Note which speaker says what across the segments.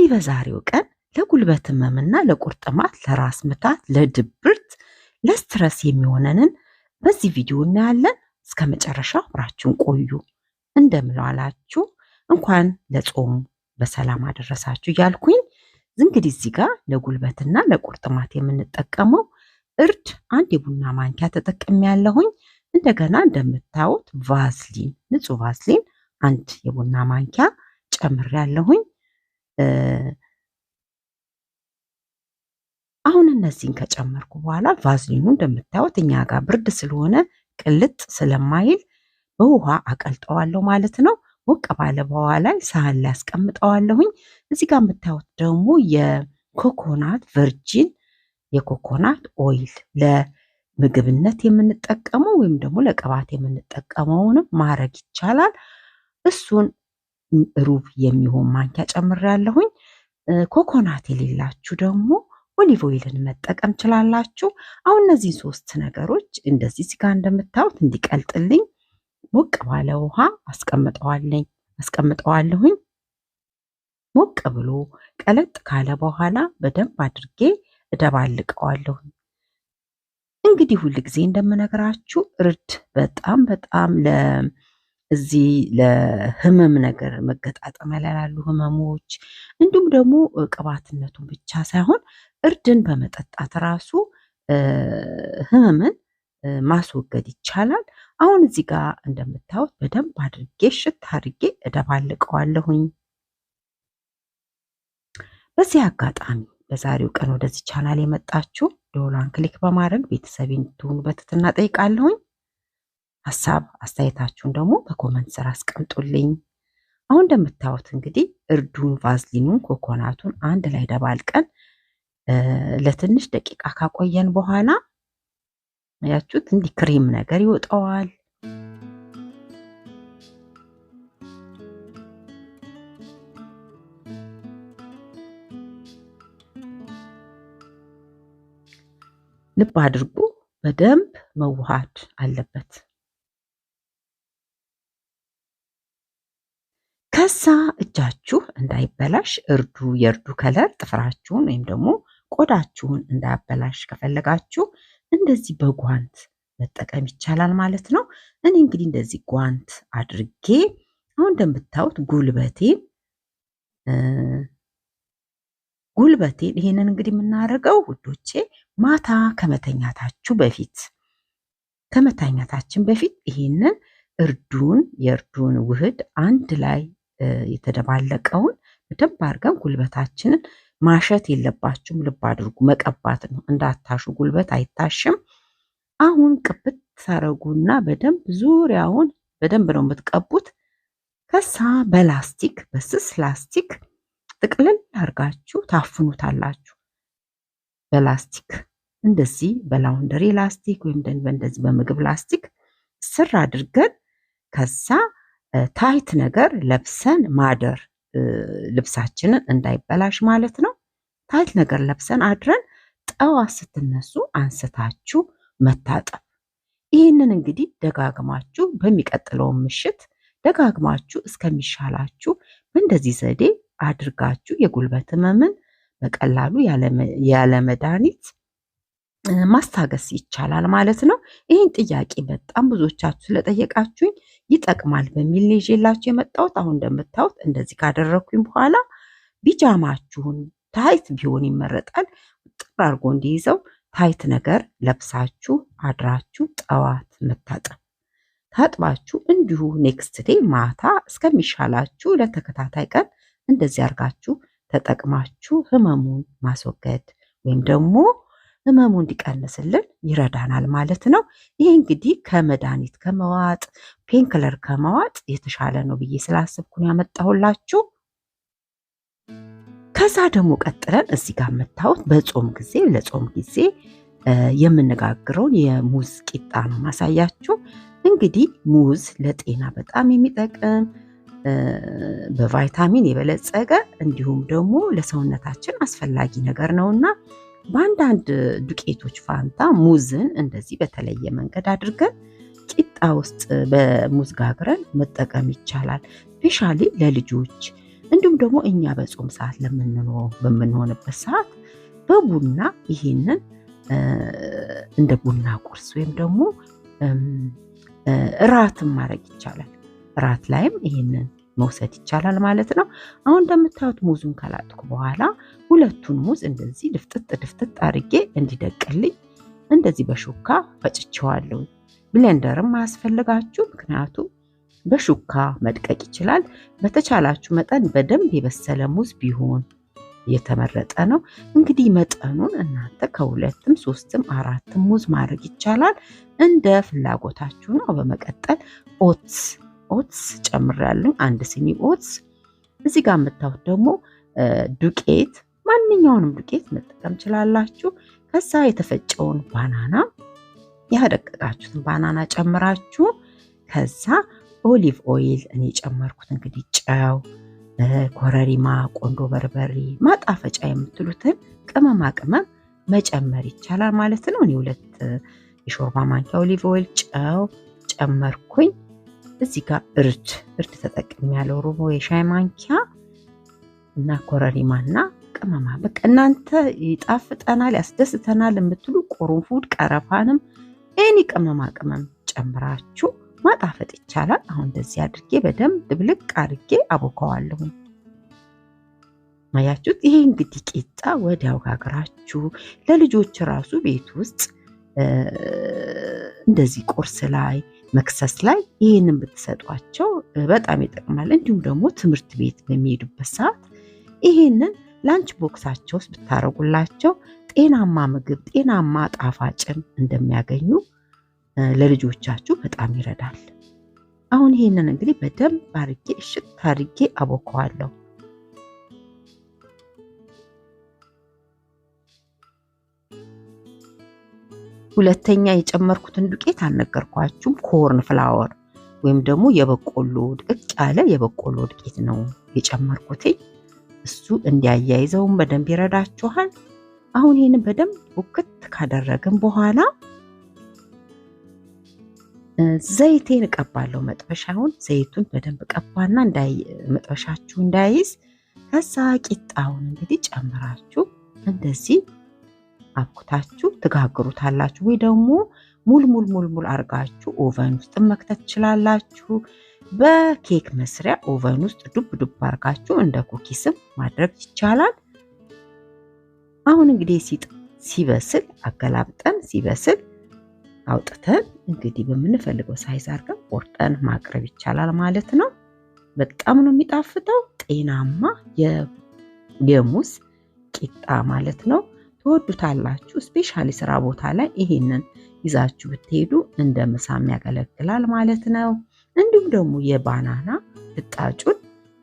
Speaker 1: እንግዲህ በዛሬው ቀን ለጉልበት ህመምና ለቁርጥማት፣ ለራስ ምታት፣ ለድብርት፣ ለስትረስ የሚሆነንን በዚህ ቪዲዮ እናያለን። እስከ መጨረሻ አብራችሁን ቆዩ። እንደምን እንኳን ለጾሙ በሰላም አደረሳችሁ እያልኩኝ እንግዲህ እዚህ ጋር ለጉልበትና ለቁርጥማት የምንጠቀመው እርድ አንድ የቡና ማንኪያ ተጠቅሜ ያለሁኝ። እንደገና እንደምታዩት ቫዝሊን፣ ንጹህ ቫዝሊን አንድ የቡና ማንኪያ ጨምር ያለሁኝ። አሁን እነዚህን ከጨመርኩ በኋላ ቫዝሊኑ እንደምታዩት እኛ ጋር ብርድ ስለሆነ ቅልጥ ስለማይል በውሃ አቀልጠዋለሁ ማለት ነው። ሞቅ ባለ በኋላ ሳህን ላይ አስቀምጠዋለሁኝ። እዚህ ጋር የምታዩት ደግሞ የኮኮናት ቨርጂን የኮኮናት ኦይል ለምግብነት የምንጠቀመው ወይም ደግሞ ለቅባት የምንጠቀመውንም ማድረግ ይቻላል። እሱን ሩብ የሚሆን ማንኪያ ጨምሬያለሁኝ። ኮኮናት የሌላችሁ ደግሞ ኦሊቭ ኦይልን መጠቀም ችላላችሁ። አሁን እነዚህ ሶስት ነገሮች እንደዚህ ሲጋ እንደምታዩት እንዲቀልጥልኝ ሞቅ ባለ ውሃ አስቀምጠዋለኝ አስቀምጠዋለሁኝ። ሞቅ ብሎ ቀለጥ ካለ በኋላ በደንብ አድርጌ እደባልቀዋለሁኝ። እንግዲህ ሁል ጊዜ እንደምነግራችሁ እርድ በጣም በጣም ለ እዚህ ለህመም ነገር መገጣጠም ላይ ላሉ ህመሞች እንዲሁም ደግሞ ቅባትነቱን ብቻ ሳይሆን እርድን በመጠጣት ራሱ ህመምን ማስወገድ ይቻላል። አሁን እዚህ ጋር እንደምታዩት በደንብ አድርጌ ሽት አድርጌ እደባልቀዋለሁኝ። በዚህ አጋጣሚ በዛሬው ቀን ወደዚህ ቻናል የመጣችሁ ደወሏን ክሊክ በማድረግ ቤተሰቤን እንድትሆኑ በትህትና ጠይቃለሁኝ። ሀሳብ አስተያየታችሁን ደግሞ በኮመንት ስር አስቀምጡልኝ። አሁን እንደምታዩት እንግዲህ እርዱን፣ ቫዝሊኑን፣ ኮኮናቱን አንድ ላይ ደባልቀን ለትንሽ ደቂቃ ካቆየን በኋላ ያችሁት እንዲህ ክሬም ነገር ይወጣዋል። ልብ አድርጉ፣ በደንብ መዋሃድ አለበት። ከዛ እጃችሁ እንዳይበላሽ እርዱ የእርዱ ከለር ጥፍራችሁን ወይም ደግሞ ቆዳችሁን እንዳያበላሽ ከፈለጋችሁ እንደዚህ በጓንት መጠቀም ይቻላል ማለት ነው። እኔ እንግዲህ እንደዚህ ጓንት አድርጌ አሁን እንደምታዩት ጉልበቴን ጉልበቴን ይሄንን እንግዲህ የምናደርገው ውዶቼ ማታ ከመተኛታችሁ በፊት ከመተኛታችን በፊት ይሄንን እርዱን የእርዱን ውህድ አንድ ላይ የተደባለቀውን በደንብ አድርገን ጉልበታችንን ማሸት የለባችሁም። ልብ አድርጉ፣ መቀባት ነው። እንዳታሹ፣ ጉልበት አይታሽም። አሁን ቅብት ታረጉና በደንብ ዙሪያውን በደንብ ነው የምትቀቡት። ከሳ በላስቲክ በስስ ላስቲክ ጥቅልል አድርጋችሁ ታፍኑታላችሁ። በላስቲክ እንደዚህ በላውንደሪ ላስቲክ ወይም እንደዚህ በምግብ ላስቲክ ስር አድርገን ከዛ ታይት ነገር ለብሰን ማደር ልብሳችንን እንዳይበላሽ ማለት ነው። ታይት ነገር ለብሰን አድረን ጠዋት ስትነሱ አንስታችሁ መታጠብ። ይህንን እንግዲህ ደጋግማችሁ በሚቀጥለው ምሽት ደጋግማችሁ እስከሚሻላችሁ በእንደዚህ ዘዴ አድርጋችሁ የጉልበት ህመምን በቀላሉ ያለ መድኃኒት ማስታገስ ይቻላል ማለት ነው። ይህን ጥያቄ በጣም ብዙዎቻችሁ ስለጠየቃችሁኝ ይጠቅማል በሚል ነው ይዤላችሁ የመጣሁት። አሁን እንደምታዩት እንደዚህ ካደረግኩኝ በኋላ ቢጃማችሁን ታይት ቢሆን ይመረጣል። ጥር አድርጎ እንዲይዘው ታይት ነገር ለብሳችሁ አድራችሁ ጠዋት መታጠብ ታጥባችሁ እንዲሁ ኔክስት ዴይ ማታ እስከሚሻላችሁ ለተከታታይ ቀን እንደዚህ አድርጋችሁ ተጠቅማችሁ ህመሙን ማስወገድ ወይም ደግሞ ህመሙ እንዲቀንስልን ይረዳናል ማለት ነው። ይህ እንግዲህ ከመድኃኒት ከመዋጥ ፔንክለር ከመዋጥ የተሻለ ነው ብዬ ስላስብኩን ያመጣሁላችሁ። ከዛ ደግሞ ቀጥለን እዚህ ጋር የምታዩት በጾም ጊዜ ለጾም ጊዜ የምነጋግረውን የሙዝ ቂጣ ነው ማሳያችሁ። እንግዲህ ሙዝ ለጤና በጣም የሚጠቅም በቫይታሚን የበለጸገ እንዲሁም ደግሞ ለሰውነታችን አስፈላጊ ነገር ነውና በአንዳንድ ዱቄቶች ፋንታ ሙዝን እንደዚህ በተለየ መንገድ አድርገን ቂጣ ውስጥ በሙዝ ጋግረን መጠቀም ይቻላል። ስፔሻሊ ለልጆች እንዲሁም ደግሞ እኛ በጾም ሰዓት በምንሆንበት ሰዓት በቡና ይሄንን እንደ ቡና ቁርስ ወይም ደግሞ እራትም ማድረግ ይቻላል። እራት ላይም ይሄንን መውሰድ ይቻላል ማለት ነው። አሁን እንደምታዩት ሙዙን ከላጥኩ በኋላ ሁለቱን ሙዝ እንደዚህ ድፍጥጥ ድፍጥጥ አድርጌ እንዲደቅልኝ እንደዚህ በሹካ ፈጭቸዋለሁ። ብሌንደርም አያስፈልጋችሁ፣ ምክንያቱም በሹካ መድቀቅ ይችላል። በተቻላችሁ መጠን በደንብ የበሰለ ሙዝ ቢሆን የተመረጠ ነው። እንግዲህ መጠኑን እናንተ ከሁለትም ሶስትም አራትም ሙዝ ማድረግ ይቻላል እንደ ፍላጎታችሁ ነው። በመቀጠል ኦትስ ኦትስ ጨምሬያለሁ፣ አንድ ሲኒ ኦትስ። እዚህ ጋር የምታዩት ደግሞ ዱቄት፣ ማንኛውንም ዱቄት መጠቀም ችላላችሁ። ከዛ የተፈጨውን ባናና ያደቀቃችሁትን ባናና ጨምራችሁ ከዛ ኦሊቭ ኦይል እኔ ጨመርኩት እንግዲህ ጨው፣ ኮረሪማ፣ ቆንዶ በርበሬ፣ ማጣፈጫ የምትሉትን ቅመማ ቅመም መጨመር ይቻላል ማለት ነው። እኔ ሁለት የሾርባ ማንኪያ ኦሊቭ ኦይል ጨው ጨመርኩኝ። እዚህ ጋር እርድ እርድ ተጠቅም ያለው ሩቦ የሻይ ማንኪያ እና ኮረሪማ እና ቅመማ በቃ እናንተ ይጣፍጠናል፣ ያስደስተናል የምትሉ ቁርንፉድ ቀረፋንም ኤኒ ቅመማ ቅመም ጨምራችሁ ማጣፈጥ ይቻላል። አሁን እንደዚህ አድርጌ በደንብ ድብልቅ አድርጌ አቦከዋለሁ። ማያችሁት ይሄ እንግዲህ ቂጣ ወዲያው ጋግራችሁ ለልጆች ራሱ ቤት ውስጥ እንደዚህ ቁርስ ላይ መክሰስ ላይ ይህንን ብትሰጧቸው በጣም ይጠቅማል። እንዲሁም ደግሞ ትምህርት ቤት በሚሄዱበት ሰዓት ይህንን ላንች ቦክሳቸው ውስጥ ብታረጉላቸው ጤናማ ምግብ ጤናማ ጣፋጭም እንደሚያገኙ ለልጆቻችሁ በጣም ይረዳል። አሁን ይህንን እንግዲህ በደንብ አርጌ እሽት አርጌ አቦከዋለሁ። ሁለተኛ የጨመርኩትን ዱቄት አልነገርኳችሁም። ኮርን ፍላወር ወይም ደግሞ የበቆሎ ድቅቅ ያለ የበቆሎ ዱቄት ነው የጨመርኩትኝ። እሱ እንዲያያይዘውን በደንብ ይረዳችኋል። አሁን ይህንን በደንብ ውክት ካደረግን በኋላ ዘይቴን እቀባለሁ። መጥበሻውን ዘይቱን በደንብ ቀባና መጥበሻችሁ እንዳይዝ ከዛ ቂጣውን እንግዲህ ጨምራችሁ እንደዚህ አኩታችሁ ትጋግሩታላችሁ። ወይ ደግሞ ሙል ሙል ሙል ሙል አርጋችሁ ኦቨን ውስጥ መክተት ትችላላችሁ። በኬክ መስሪያ ኦቨን ውስጥ ዱብ ዱብ አርጋችሁ እንደ ኩኪስም ማድረግ ይቻላል። አሁን እንግዲህ ሲጥ ሲበስል አገላብጠን ሲበስል አውጥተን እንግዲህ በምንፈልገው ሳይዝ አርገን ቆርጠን ማቅረብ ይቻላል ማለት ነው። በጣም ነው የሚጣፍጠው ጤናማ የሙዝ ቂጣ ማለት ነው። ትወዱታላችሁ። ስፔሻሊ ስራ ቦታ ላይ ይሄንን ይዛችሁ ብትሄዱ እንደ ምሳም ያገለግላል ማለት ነው። እንዲሁም ደግሞ የባናና ልጣጩን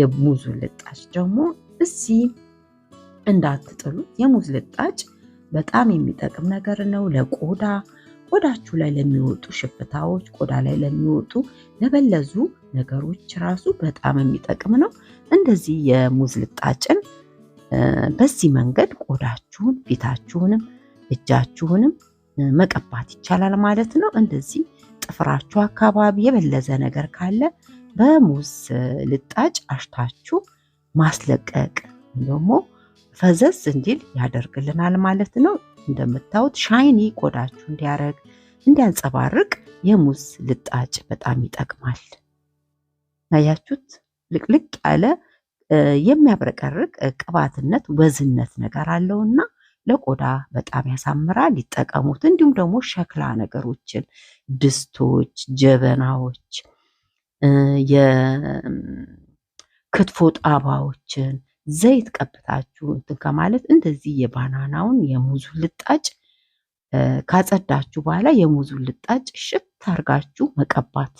Speaker 1: የሙዙን ልጣጭ ደግሞ እዚህ እንዳትጥሉት። የሙዝ ልጣጭ በጣም የሚጠቅም ነገር ነው ለቆዳ ቆዳችሁ ላይ ለሚወጡ ሽፍታዎች፣ ቆዳ ላይ ለሚወጡ ለበለዙ ነገሮች ራሱ በጣም የሚጠቅም ነው። እንደዚህ የሙዝ ልጣጭን በዚህ መንገድ ቆዳችሁን፣ ፊታችሁንም እጃችሁንም መቀባት ይቻላል ማለት ነው። እንደዚህ ጥፍራችሁ አካባቢ የበለዘ ነገር ካለ በሙዝ ልጣጭ አሽታችሁ ማስለቀቅ ደግሞ ፈዘዝ እንዲል ያደርግልናል ማለት ነው። እንደምታዩት ሻይኒ ቆዳችሁ እንዲያረግ እንዲያንጸባርቅ የሙዝ ልጣጭ በጣም ይጠቅማል። አያችሁት? ልቅልቅ ያለ የሚያብረቀርቅ ቅባትነት ወዝነት ነገር አለውና ለቆዳ በጣም ያሳምራል። ይጠቀሙት። እንዲሁም ደግሞ ሸክላ ነገሮችን ድስቶች፣ ጀበናዎች፣ የክትፎ ጣባዎችን ዘይት ቀብታችሁ እንትን ከማለት እንደዚህ የባናናውን የሙዙ ልጣጭ ካጸዳችሁ በኋላ የሙዙን ልጣጭ ሽት አርጋችሁ መቀባት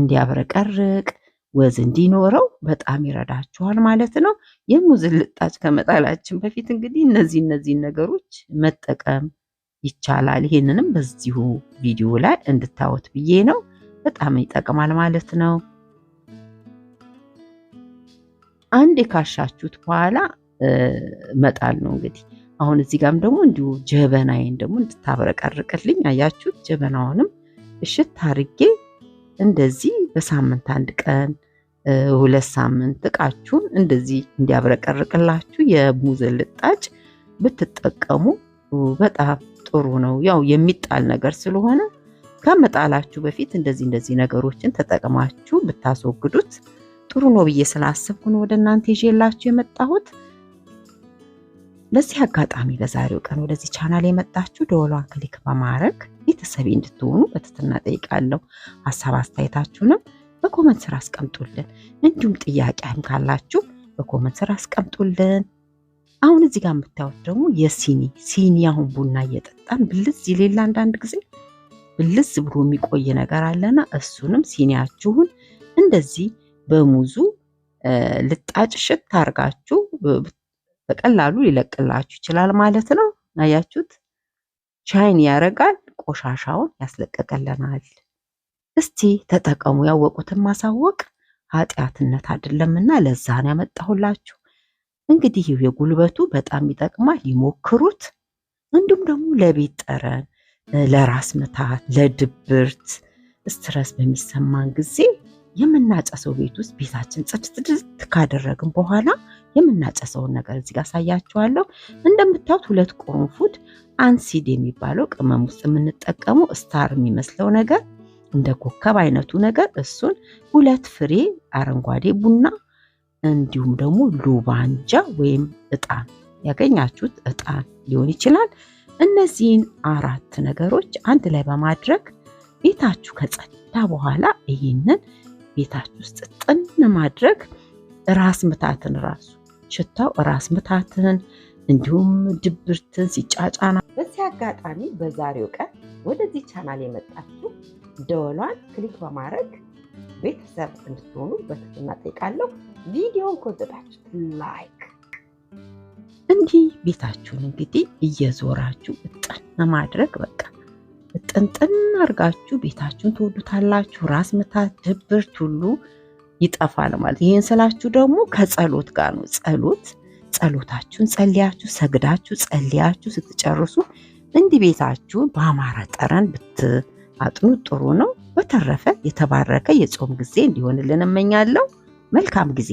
Speaker 1: እንዲያብረቀርቅ ወዝ እንዲኖረው በጣም ይረዳችኋል ማለት ነው። የሙዝ ልጣጭ ከመጣላችን በፊት እንግዲህ እነዚህ እነዚህን ነገሮች መጠቀም ይቻላል። ይሄንንም በዚሁ ቪዲዮ ላይ እንድታወት ብዬ ነው። በጣም ይጠቅማል ማለት ነው። አንድ የካሻችሁት በኋላ መጣል ነው እንግዲህ። አሁን እዚህ ጋም ደግሞ እንዲሁ ጀበናዬን ደግሞ እንድታብረቀርቅልኝ አያችሁት። ጀበናውንም እሽት አርጌ እንደዚህ በሳምንት አንድ ቀን ሁለት ሳምንት እቃችሁን እንደዚህ እንዲያብረቀርቅላችሁ የሙዝ ልጣጭ ብትጠቀሙ በጣም ጥሩ ነው። ያው የሚጣል ነገር ስለሆነ ከመጣላችሁ በፊት እንደዚህ እንደዚህ ነገሮችን ተጠቅማችሁ ብታስወግዱት ጥሩ ነው ብዬ ስላሰብኩ ነው ወደ እናንተ ይዤላችሁ የመጣሁት። በዚህ አጋጣሚ በዛሬው ቀን ወደዚህ ቻናል የመጣችሁ ደወሏን ክሊክ በማድረግ ቤተሰቤ እንድትሆኑ በትህትና ጠይቃለሁ። ሀሳብ አስተያየታችሁንም በኮመንት ስር አስቀምጡልን። እንዲሁም ጥያቄም ካላችሁ በኮመንት ስር አስቀምጡልን። አሁን እዚህ ጋር የምታዩት ደግሞ የሲኒ ሲኒ አሁን ቡና እየጠጣን ብልዝ ይሌላ አንዳንድ ጊዜ ብልዝ ብሎ የሚቆይ ነገር አለና እሱንም ሲኒያችሁን እንደዚህ በሙዙ ልጣጭ ሽት አርጋችሁ በቀላሉ ሊለቅላችሁ ይችላል ማለት ነው። አያችሁት? ሻይን ያረጋል፣ ቆሻሻውን ያስለቀቀልናል። እስቲ ተጠቀሙ። ያወቁትን ማሳወቅ ኃጢአትነት አይደለምና ለዛ ነው ያመጣሁላችሁ። እንግዲህ የጉልበቱ በጣም ይጠቅማል፣ ይሞክሩት። እንዲሁም ደግሞ ለቤት ጠረን፣ ለራስ ምታት፣ ለድብርት ስትረስ በሚሰማን ጊዜ የምናጨሰው ቤት ውስጥ ቤታችን ጽድት ካደረግን በኋላ የምናጨሰውን ነገር እዚህ ጋር አሳያችኋለሁ። እንደምታዩት ሁለት ቁርንፉድ አንሲድ የሚባለው ቅመም ውስጥ የምንጠቀመው ስታር የሚመስለው ነገር እንደ ኮከብ አይነቱ ነገር እሱን ሁለት ፍሬ አረንጓዴ ቡና እንዲሁም ደግሞ ሉባንጃ ወይም እጣን ያገኛችሁት እጣን ሊሆን ይችላል። እነዚህን አራት ነገሮች አንድ ላይ በማድረግ ቤታችሁ ከጸዳ በኋላ ይህንን ቤታችሁ ውስጥ ጥን ማድረግ ራስ ምታትን ራሱ ሽታው ራስ ምታትን እንዲሁም ድብርትን ሲጫጫና
Speaker 2: በዚህ አጋጣሚ በዛሬው ቀን ወደዚህ ቻናል የመጣችሁ ደወሏን ክሊክ በማድረግ ቤተሰብ እንድትሆኑ በትህትና ጠይቃለሁ። ቪዲዮን ከወደዳችሁ ላይክ እንዲህ ቤታችሁን እንግዲህ እየዞራችሁ እጣን ለማድረግ በቃ ቅንጥን አድርጋችሁ ቤታችሁን ትወዱታላችሁ። ራስ ምታት፣ ድብርት ሁሉ ይጠፋል ማለት። ይህን ስላችሁ ደግሞ ከጸሎት ጋር ነው። ጸሎት ጸሎታችሁን ጸልያችሁ ሰግዳችሁ ጸልያችሁ ስትጨርሱ እንዲህ ቤታችሁን በአማረ ጠረን ብትአጥኑ ጥሩ ነው። በተረፈ የተባረከ የጾም ጊዜ እንዲሆንልን እመኛለሁ። መልካም ጊዜ